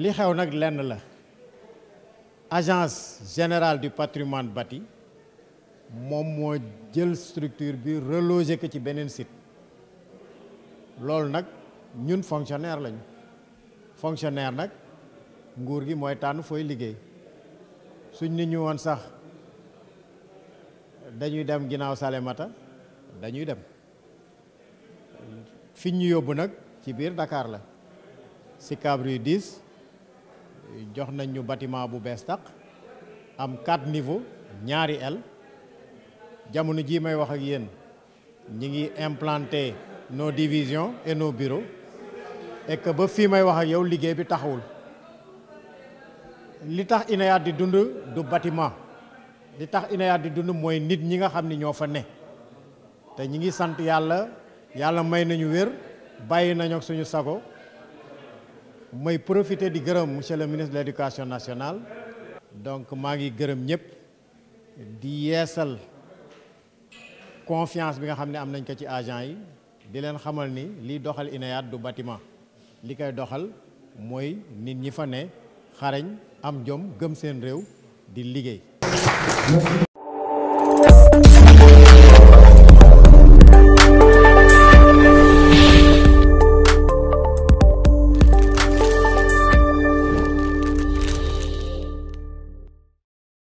li xew nag lenn la agence générale du patrimoine bâti moom moo jël structure bi relogé ko ci beneen site loolu nag ñun fonctionnaire lañu fonctionnaires, nag nguur gi mooy tànn fooy liggéey suñ nit ñu woon sax dañuy dem ginnaaw Salémata dañuy dem fi ñu yóbbu nag ci biir Dakar la si cabri 10 jox nañ ñu bâtiment bu bees tàq am quatre niveaux ñaari aile jamono jii may wax ak yéen ñi ngi implanté nos divisions et nos bureaux et que ba fii may wax ak yow liggéey bi taxawul li tax INEA di dund du bâtiment li tax INEA di dund mooy nit ñi nga xam ni ñoo fa ne te ñi ngi sant yàlla yàlla may nañu wér bàyyi nañu suñu sago mooy profité di gërëm monsieur le ministre de l' nationale donc maa ngi gërëm ñëpp di yeesal confiance bi nga xam ne am nañ ko ci agent yi di leen xamal ni liy doxal INEAD du batiment li koy doxal mooy nit ñi fa ne xarañ am jom gëm seen réew di liggéey